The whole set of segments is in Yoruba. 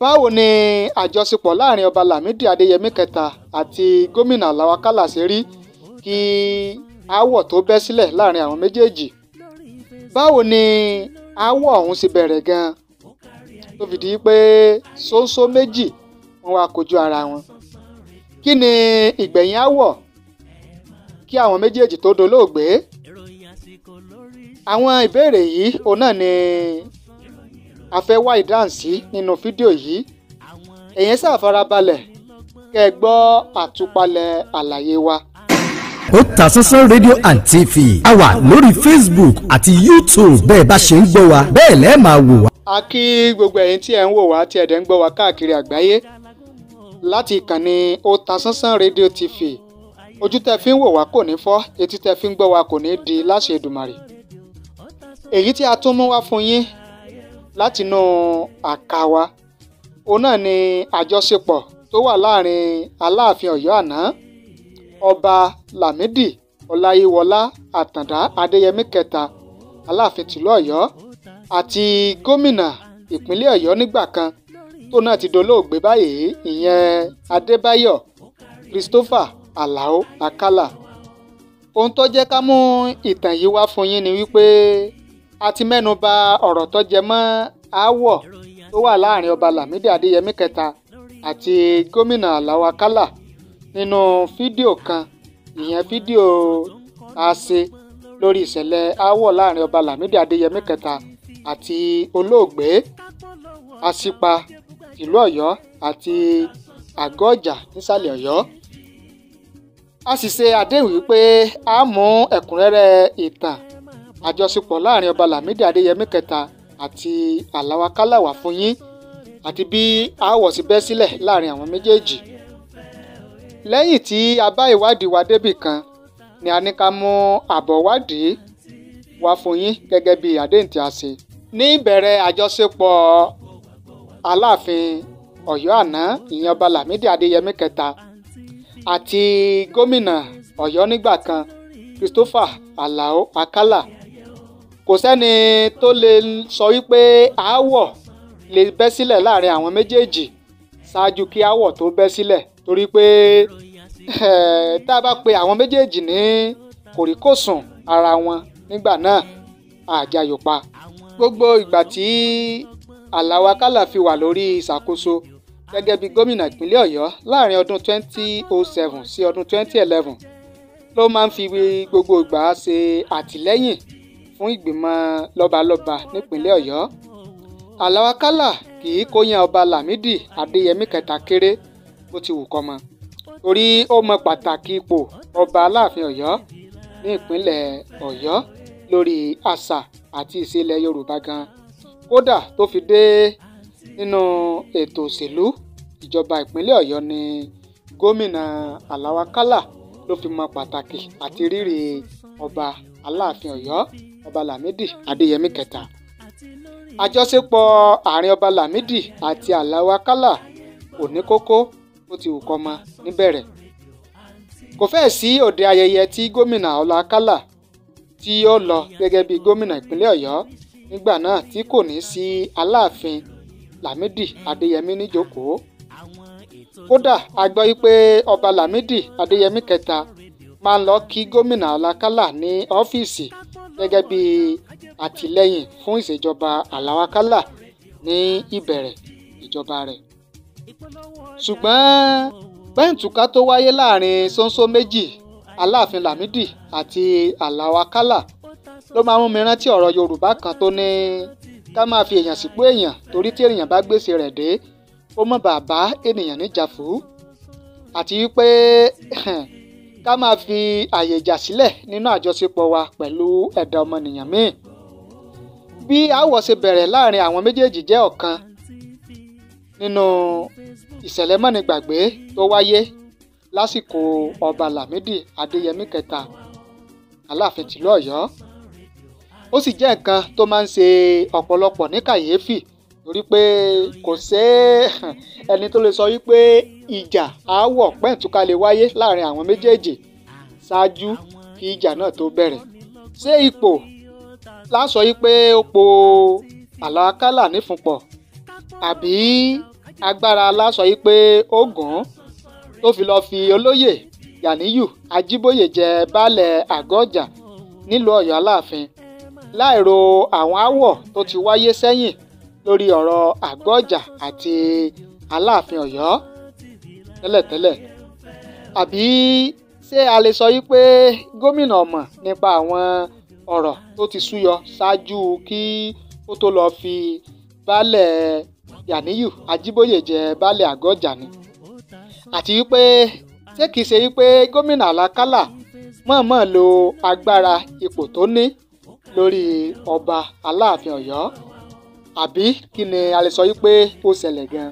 báwo ni àjọṣepọ̀ láàrin ọba Lámídì Adéyẹmí kẹta àti gómìnà Àlàó Àkàlà ṣe rí kí aáwọ̀ tó bẹ́ sílẹ̀ láàrin àwọn méjèèjì báwo ni aáwọ̀ ọ̀hún ṣe bẹ̀rẹ̀ gan-an tó fi di pé ṣóńṣó méjì wọn wá kojú ara wọn kí ni ìgbẹ̀yìn aáwọ̀ kí àwọn méjèèjì tó dolóògbé àwọn ìbéèrè yìí òun náà ni a fẹ́ wá nínú fídíò yìí ẹ̀yin sáà kẹ́ ẹ gbọ́ àtúpalẹ̀ àlàyé wa Otasansan rédíò and TV a wà lórí Facebook àti YouTube bẹ́ẹ̀ bá ṣe ń gbọ́ wa bẹ́ẹ̀ lẹ́ẹ̀ máa wò wá. a kí gbogbo ẹ̀yin tí ẹ̀ ń wò wá tí ẹ̀ ń gbọ́ wa káàkiri àgbáyé láti ìkànnì Otasansan rédíò TV ojú tẹ́ fi ń wò wá kò ní fọ́ etí tẹ́ fi ń gbọ́ wa kò ní di láṣẹ Èdùmàrè èyí tí a tún mú wá fún yín látinú àká wa òun náà ni àjọṣepọ̀ tó wà láàrin aláàfin ọ̀yọ́ àná ọba lámìdí ọláyíwọlá àtàndá adéyẹmí kẹta aláàfin tìlú ọ̀yọ́ àti gómìnà ìpínlẹ̀ ọ̀yọ́ nígbà kan tó náà ti dolóògbé báyìí ìyẹn adébáyọ̀ christopher alao akala. ohun tó jẹ́ ká mú ìtàn yìí wá fún yín ni wípé a ti mẹ́nu ba ọ̀rọ̀ tó jẹ mọ́ aáwọ̀ tó wà láàrin ọba Lámídì Adéyẹmí kẹta àti gómìnà Alao Akala nínú fídíò kan ìyẹn fídíò àṣe lórí ìṣẹ̀lẹ̀ aáwọ̀ láàrin ọba Lámídì Adéyẹmí kẹta àti olóògbé Asípa ìlú Ọ̀yọ́ àti àgọ́ ọjà nísàlẹ̀ Ọ̀yọ́ a sì ṣe àdéhùn wípé a mú ẹ̀kúnrẹ́rẹ́ ìtàn àjọṣepọ̀ láàrin ọba Lámídì Adéyẹmí kẹta àti Àlàwá Kálàwá fún yín àti bí aáwọ̀ sì bẹ́ sílẹ̀ láàrin àwọn méjèèjì lẹ́yìn tí a bá ìwádìí wa débì kan ni a ní ká mú àbọ̀ wádìí wá fún yín gẹ́gẹ́ bí àdéhùn tí a ṣe ní ìbẹ̀rẹ̀ àjọṣepọ̀ Aláàfin Ọ̀yọ́ àná ìyẹn ọba Lámídì Adéyẹmí kẹta àti gómìnà Ọ̀yọ́ nígbà kan Christopher Alao Akala kò sẹ́ni tó lè sọ wípé aáwọ̀ lè bẹ́ sílẹ̀ láàrin àwọn méjèèjì ṣáájú kí aáwọ̀ tó bẹ́ sílẹ̀ torí pé eh, tá a bá pe àwọn méjèèjì ní kòríkòsùn ara wọn nígbà náà àjàyò pa gbogbo ìgbà tí Àlàó Akálà fi wà lórí ìṣàkóso gẹ́gẹ́ bí gómìnà ìpínlẹ̀ Ọ̀yọ́ láàrin ọdún 2007 sí ọdún 2011 ló máa ń fi gbogbo ìgbà ṣe àtìlẹ́yìn fún ìgbìmọ̀ lọ́balọ́ba nípínlẹ̀ ọ̀yọ́ àlàwákálà kì í kóyan ọba lámìdí adéyẹmí kẹta kéré bó ti wù kọ́ mọ́ torí ó mọ pàtàkì ipò ọba aláàfin ọ̀yọ́ ní ìpínlẹ̀ ọ̀yọ́ lórí àṣà àti ìṣe ilẹ̀ yorùbá gan kódà tó fi dé nínú ètò òṣèlú ìjọba ìpínlẹ̀ ọ̀yọ́ ni gómìnà àlàwákálà ló fi mọ pàtàkì àti rírì ọba aláàfin ọ̀yọ́ ọba Lámídì adeyemi kẹta àjọṣepọ̀ àárín ọba Lámídì àti Àlàó Akálà kò ní kókó bó ti wù kọ́ mọ níbẹ̀rẹ̀ kò fẹ́ẹ̀ sí òde ayẹyẹ tí gómìnà Àlàó Akálà tí ó lọ gẹ́gẹ́ bí gómìnà ìpínlẹ̀ Ọ̀yọ́ nígbà náà tí kò ní sí Aláàfin Lámídì Adéyẹmí níjókòó kódà a gbọ́ wípé ọba Lámídì Adéyẹmí kẹta máa ń lọ kí gómìnà Àlàó Akálà ní ọ́fíìsì gẹ́gẹ́ bí àtìlẹ́yìn fún ìṣèjọba àlàwákálà ní ìbẹ̀rẹ̀ ìjọba rẹ̀. ṣùgbọ́n pẹ́ǹtùká tó wáyé láàrin ṣóńṣó méjì aláàfin lámìdí àti àlàwákálà ló máa mú mi rántí ọ̀rọ̀ yorùbá kan tó ní ká máa fi èèyàn sípò èèyàn torí tí èèyàn bá gbèsè rẹ̀ dé ó mọ̀ bàbá ènìyàn níjàfù àti wípé ká máa fi àyè ìjà sílẹ̀ nínú àjọṣepọ̀ wa pẹ̀lú ẹ̀dá ọmọnìyàn míì bí aáwọ̀ ṣe bẹ̀rẹ̀ láàrin àwọn méjèèjì jẹ́ ọ̀kan nínú ìṣẹ̀lẹ̀ mọ́nigbàgbé tó wáyé lásìkò ọba Lámídì Adéyẹmí kẹta Aláàfin tìlú Ọ̀yọ́ ó sì jẹ́ nǹkan tó máa ń ṣe ọ̀pọ̀lọpọ̀ ní kàyéfì torí pé kò sí ẹni tó lè sọ wípé ìjà aáwọ̀ pẹ́ǹtúká lè wáyé láàrin àwọn méjèèjì ṣáájú kí ìjà náà tó bẹ̀rẹ̀ ṣé ipò láṣọ wípé ó po àlàkálà nífúnpọ̀ àbí agbára láṣọ wípé ó gàn án tó fi lọ́ọ́ fi olóyè Ganiyu Ajíbóyè jẹ baálẹ̀ àgọ́ nílùú Ọ̀yọ́ Aláàfin láìro àwọn aáwọ̀ tó ti wáyé sẹ́yìn lórí ọ̀rọ̀ àgọ́ ọjà àti aláàfin ọ̀yọ́ tẹ́lẹ̀tẹ́lẹ̀ àbí ṣé a lè sọ wípé gómìnà ọ̀mọ̀ nípa àwọn ọ̀rọ̀ tó ti súyọ ṣáájú kí ó tó lọ́ọ́ fi baálẹ̀ Yàníyù Ajíbóyè jẹ baálẹ̀ àgọ́ ni àti wípé ṣé kìí ṣe wípé gómìnà àlákálà mọ̀ọ́mọ̀ lo agbára ipò tó ní lórí ọba Aláàfin Ọ̀yọ́ àbí kí ni a lè sọ yìí pé ó ṣẹlẹ̀ gan.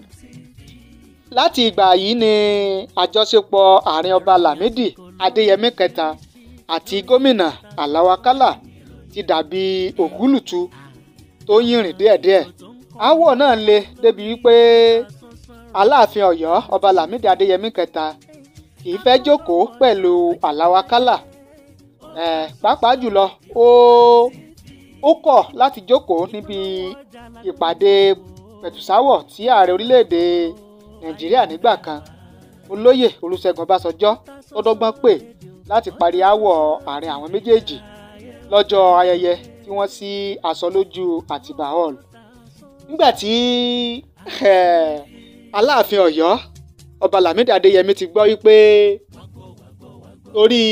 láti ìgbà yìí ni àjọṣepọ̀ àárín ọba Lámídì Adéyẹmí kẹta àti gómìnà Àlàó ti dàbí ògúlùtù tó yìnrìn díẹ̀díẹ̀ aáwọ̀ náà le débi wípé Aláàfin Ọ̀yọ́ ọba Lámídì Adéyẹmí kẹta kì í fẹ́ jókòó pẹ̀lú Àlàó Àkàlà pàápàá jùlọ ó. Oh, ó kọ̀ láti jókòó níbi ìpàdé pẹ̀tùsáwọ̀ tí ààrẹ orílẹ̀-èdè nàìjíríà nígbà kan olóyè olùṣègùn ọbásanjọ́ tó dọ́gbọ́n pè láti parí aáwọ̀ àárín àwọn méjèèjì lọ́jọ́ ayẹyẹ tí wọ́n sí aṣọ lójú àtìbà hall nígbà tí eh, aláàfin ọ̀yọ́ ọba lámìdí adéyẹmí ti gbọ́ wípé torí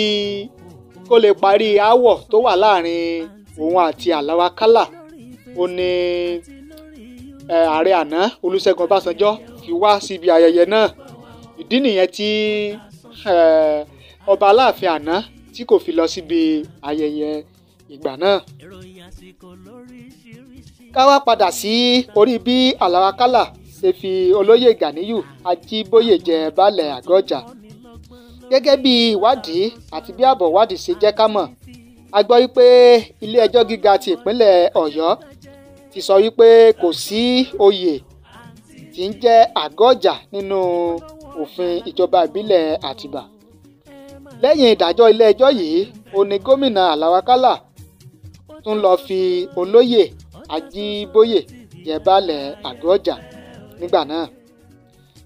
kó lè parí aáwọ̀ tó wà láàrin òun àti Àláwá Kálà ó ní ààrẹ àná Olúṣẹ́gun Ọbásanjọ́ fi wá síbi ayẹyẹ náà ìdí nìyẹn tí ọba aláàfin àná tí kò fi lọ síbi ayẹyẹ ìgbà náà. ká padà sí orí bí Àlàwá Kálà ṣe fi olóyè Ganiyu Ajíbóyè jẹ baálẹ̀ Àgọ́ Ọjà. gẹ́gẹ́ bí ìwádìí àti bí àbọ̀ ìwádìí ṣe jẹ́ ká mọ̀ a gbọ́ wípé ilé ẹjọ́ gíga ti ìpínlẹ̀ ọ̀yọ́ ti sọ wípé kò sí oyè tí ń jẹ́ àgọ́jà nínú òfin ìjọba ìbílẹ̀ àtìbà lẹ́yìn ìdájọ́ ilé ẹjọ́ yìí ó ní gómìnà àlàwákálà tún lọ́ọ́ fi olóyè ajíbóyè jẹ baálẹ̀ àgọ́jà nígbà náà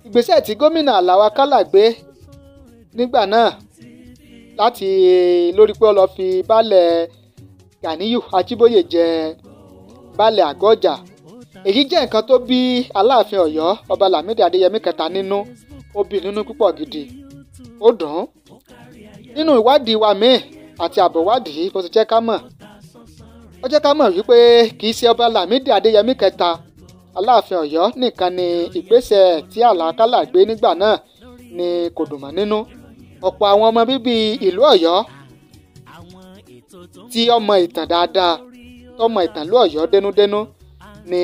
ìgbésẹ̀ tí gómìnà àlàwákálà gbé nígbà náà láti lórí pé ó fi baálẹ̀ Ganiyu Ajiboye jẹ baálẹ̀ àgọ́jà èyí jẹ́ nǹkan tó bí aláàfin ọ̀yọ́ ọba Lámídì Adéyẹmí kẹta nínú nínú púpọ̀ gidi ó dùn ún nínú ìwádìí wa míì àti àbọ̀wádìí bó ti jẹ́ ká mọ̀ ó jẹ́ ká mọ̀ wípé kì í ṣe ọba Adéyẹmí kẹta ni ìgbésẹ̀ tí ọ̀pọ̀ àwọn ọmọ bíbí ìlú ọ̀yọ́ tí ọmọ ìtàn dáadáa tọmọ ìtàn ìlú ọ̀yọ́ dénúdénú ni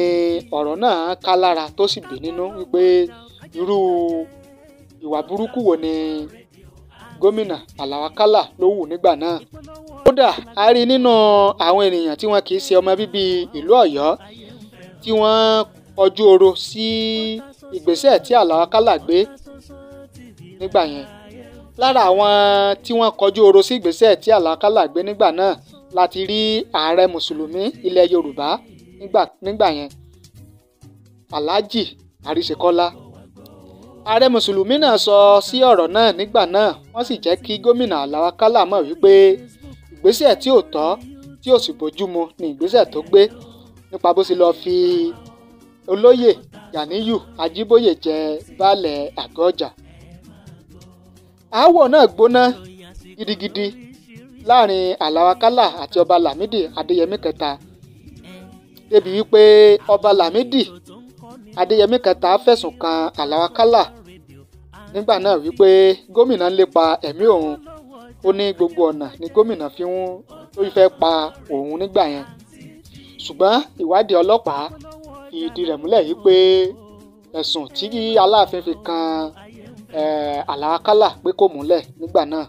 ọ̀rọ̀ náà ká lára tó sì bí nínú wípé irú ìwà burúkú wo ni gómìnà Àlàó Kálà ló wù nígbà náà kódà a rí nínú àwọn ènìyàn tí wọn kì í ṣe ọmọ bíbí ìlú Ọ̀yọ́ tí wọn kọjú oro sí ìgbésẹ̀ tí Àlàó Kálà gbé nígbà yẹn lára àwọn tí wọ́n kọjú oro sí ìgbésẹ̀ tí àlákálà gbé nígbà náà láti rí ààrẹ mùsùlùmí ilẹ̀ yorùbá nígbà yẹn alhaji àríṣekọ́lá ààrẹ mùsùlùmí náà sọ sí ọ̀rọ̀ náà nígbà náà wọ́n sì jẹ́ kí gómìnà àlákálà mọ̀ wípé ìgbésẹ̀ tí ò tọ́ tí ò sì bójúmu ni ìgbésẹ̀ tó gbé nípa bó ṣe lọ́ọ́ fi olóyè Ganiyu Ajíbóyè jẹ baálẹ̀ àgọ́ ọjà aáwọ̀ náà gbóná gidigidi láàrin alawakala àti ọba lamidi adéyẹmí kẹta débi wípé ọba lamidi adéyẹmí kẹta fẹ̀sùn kan alawakala nígbà náà wípé gómìnà ń lépa ẹ̀mí òun ó ní gbogbo ọ̀nà ni gómìnà fi ń tó fẹ́ pa òun nígbà yẹn ṣùgbọ́n ìwádìí ọlọ́pàá ìdí rẹ̀ múlẹ̀ yìí pé ẹ̀sùn tí aláàfin fi kan àlàákálà pé kò múlẹ̀ nígbà náà.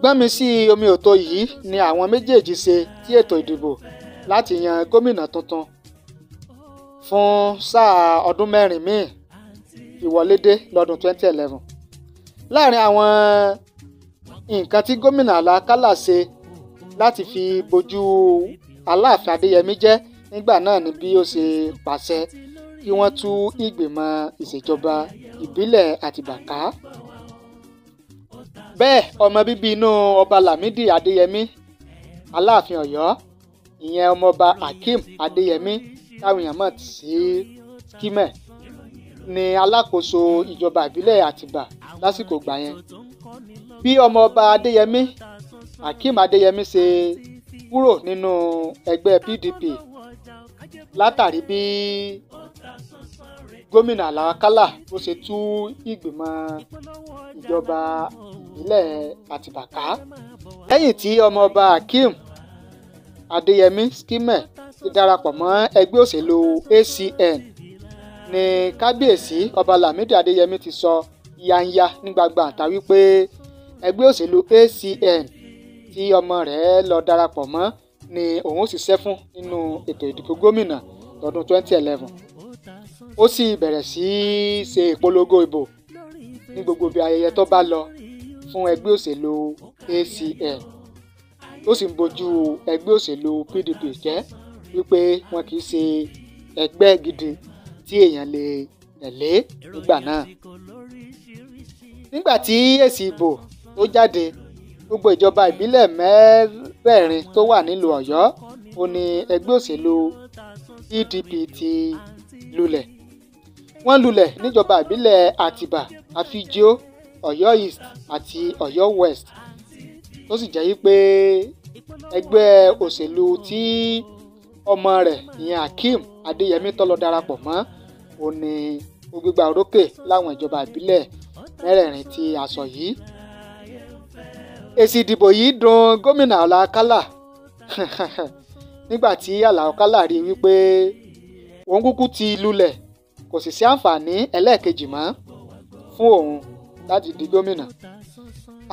gbẹ́mísí omi òtó yìí ni àwọn méjèèjì ṣe tí ètò ìdìbò láti yan gómìnà tuntun fún sáà ọdún mẹ́rin míì ìwọlédé lọ́dún 2011 láàrin àwọn nǹkan tí gómìnà àlàákálà ṣe láti fi bojú aláàfin adéyẹmí jẹ́ nígbà náà ni bí ó ṣe pàṣẹ kí wọ́n tú ìgbìmọ̀ ìṣèjọba ìbílẹ̀ Àtìbà ká bẹ́ẹ̀ ọmọ bíbí inú ọba Lámídì Adéyẹmí Aláàfin Ọ̀yọ́ ìyẹn ọmọọba Hakeem Adéyẹmí táwọn èèyàn mọ̀ sí kímẹ̀ ni alákòóso ìjọba ìbílẹ̀ Àtìbà lásìkò gbà yẹn bí ọmọọba Adéyẹmí Hakeem Adéyẹmí ṣe kúrò nínú ẹgbẹ́ PDP látàrí bí gómìnà Alao Akala bó ṣe tú ìgbìmọ̀ ìjọba ìbílẹ̀ Àtìbà ká lẹ́yìn tí ọmọọba Akeem Adéyẹmí Skimel ti darapọ̀ mọ́ ẹgbẹ́ òṣèlú ACN ní kábíyèsí ọba Lámídì Adéyẹmí ti sọ yanya ní gbangba àta wípé ẹgbẹ́ òṣèlú ACN tí ọmọ rẹ̀ lọ darapọ̀ mọ́ ni òun ṣiṣẹ́ fún nínú ètò ìdìbò gómìnà lọ́dún 2011 ó sì bẹ̀rẹ̀ sí í ṣe ìpolongo ìbò ní gbogbo ibi ayẹyẹ tó bá lọ fún ẹgbẹ́ òṣèlú ACN ó sì ń bojú ẹgbẹ́ òṣèlú PDP jẹ́ wípé wọn kì í ṣe ẹgbẹ́ gidi tí èèyàn lè tẹ̀lé nígbà náà. nígbà tí èsì ìbò tó jáde gbogbo ìjọba ìbílẹ̀ mẹ́rẹ̀ẹ̀rin tó wà nílùú Ọ̀yọ́ ó ní ẹgbẹ́ òṣèlú PDP ti lulẹ̀ wọ́n lulẹ̀ níjọba ìbílẹ̀ àtìbà àfijó ọ̀yọ́ east àti ọ̀yọ́ west tó sì jẹ́ wípé ẹgbẹ́ òṣèlú tí ọmọ rẹ̀ ìyẹn Akeem Adéyẹmí tó darapọ̀ mọ́ òun ni ó gbégbá orókè láwọn ìjọba ìbílẹ̀ mẹ́rẹ̀ẹ̀rin tí a sọ yìí èsì ìdìbò yìí dùn gómìnà Àlà Akálà nígbà tí Àlà Akálà rí wípé òun kúkú ti lulẹ̀ kò sì sí àǹfààní ẹlẹ́ẹ̀kejì mọ́ fún òun láti di gómìnà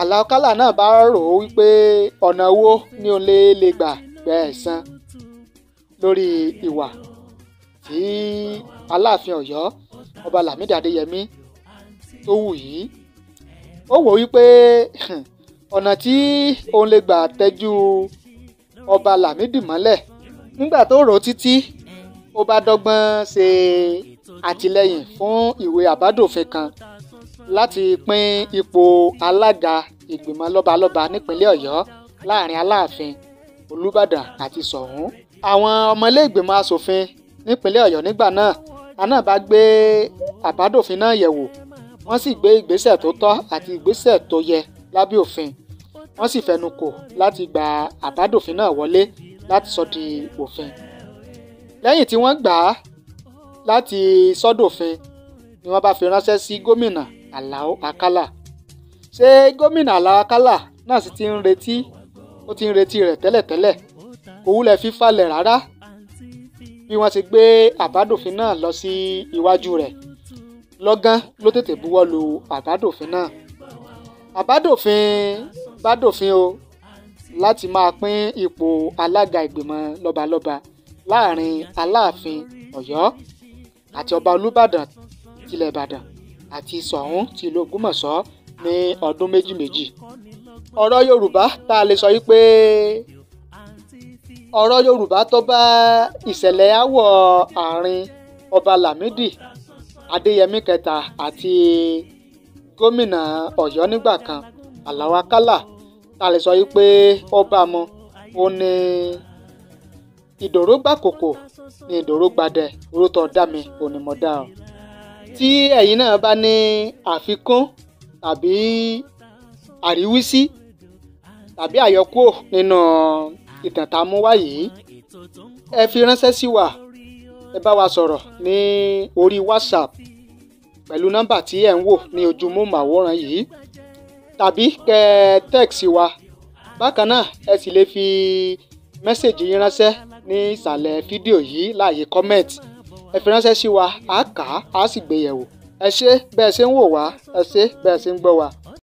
Àlàó Kálà náà bá rò ó wípé ọ̀nà wo ni òun lè lè gbà gbẹ ẹ̀san lórí ìwà tí Aláàfin Ọ̀yọ́ ọba Lámìdí Adéyẹmí tó wù yìí ó wò wípé ọ̀nà tí òun lè gbà tẹ́jú ọba Lámìdí mọ́lẹ̀ nígbà tó rò ó títí ó bá dọ́gbọ́n ṣe àtìlẹ́yìn fún ìwé àbádòfin kan láti pín ipò alága ìgbìmọ̀ lọ́balọ́ba nípínlẹ̀ ọ̀yọ́ láàrin aláàfin olúbàdàn àti ṣọ̀ún. àwọn ọmọlé ìgbìmọ̀ asòfin nípínlẹ̀ ọ̀yọ́ nígbà náà aná bá gbé àbádòfin náà yẹ̀wò wọ́n sì gbé ìgbésẹ̀ tó tọ́ àti ìgbésẹ̀ tó yẹ lábẹ́ òfin wọ́n sì fẹnu kò láti gba àbádòfin náà wọlé láti sọ di òfin. lẹ́yìn tí wọ́n gbà á láti sọ́dọ̀fin ni wọ́n bá fi ránṣẹ́ sí gómìnà Alao Akala ṣé gómìnà Alao Akala náà sì ti ń retí ó ti ń retí rẹ̀ tẹ́lẹ̀tẹ́lẹ̀ kò wúlẹ̀ fífalẹ̀ rárá bí wọ́n ti gbé àbádòfin náà lọ sí iwájú rẹ̀ lọ́gán ló tètè buwọ́ lu àbádòfin náà àbádòfin bádòfin o láti máa pín ipò alága ìgbìmọ̀ lọ́balọ́ba láàrin aláàfin Ọ̀yọ́ àti ọba olùbàdàn tilẹ̀ ìbàdàn àti ṣọ̀ún ti ìlú ògbómọ̀ṣọ́ ní ọdún méjì méjì ọ̀rọ̀ yorùbá tá a lè sọ yìí pé ọ̀rọ̀ yorùbá tó bá ìṣẹ̀lẹ̀ aáwọ̀ àárín ọba lámìdí adéyẹmí kẹta àti gómìnà ọ̀yọ́ nígbà kan àlàó akálà tá a lè sọ yìí pé ó bá a mọ ó ní ìdòrógbàkòkò ní ìdòrò gbadẹ orúkọ ọ̀dá mi òní mo dá o. tí ẹ̀yin náà bá ní àfikún tàbí àríwísí tàbí àyọkúrò nínú ìtàn yìí ẹ fi ránṣẹ́ sí wa ẹ bá wa sọ̀rọ̀ ní orí WhatsApp pẹ̀lú nọ́mbà tí ẹ̀ ń wò ní ojú móhùnmáwòrán yìí tàbí kẹ tẹ́ẹ̀sì wa bákan náà ẹ sì lè fi mẹ́sẹ̀gì yín ránṣẹ́ ní ìsàlẹ̀ fídíò yìí láàyè comment ẹ fi ránṣẹ́ sí wa a kà á a sì gbé yẹ̀wò ẹ ṣé bẹ́ẹ̀ ṣe ń wò wá ẹ ṣé bẹ́ẹ̀ ṣe ń gbọ́ wa.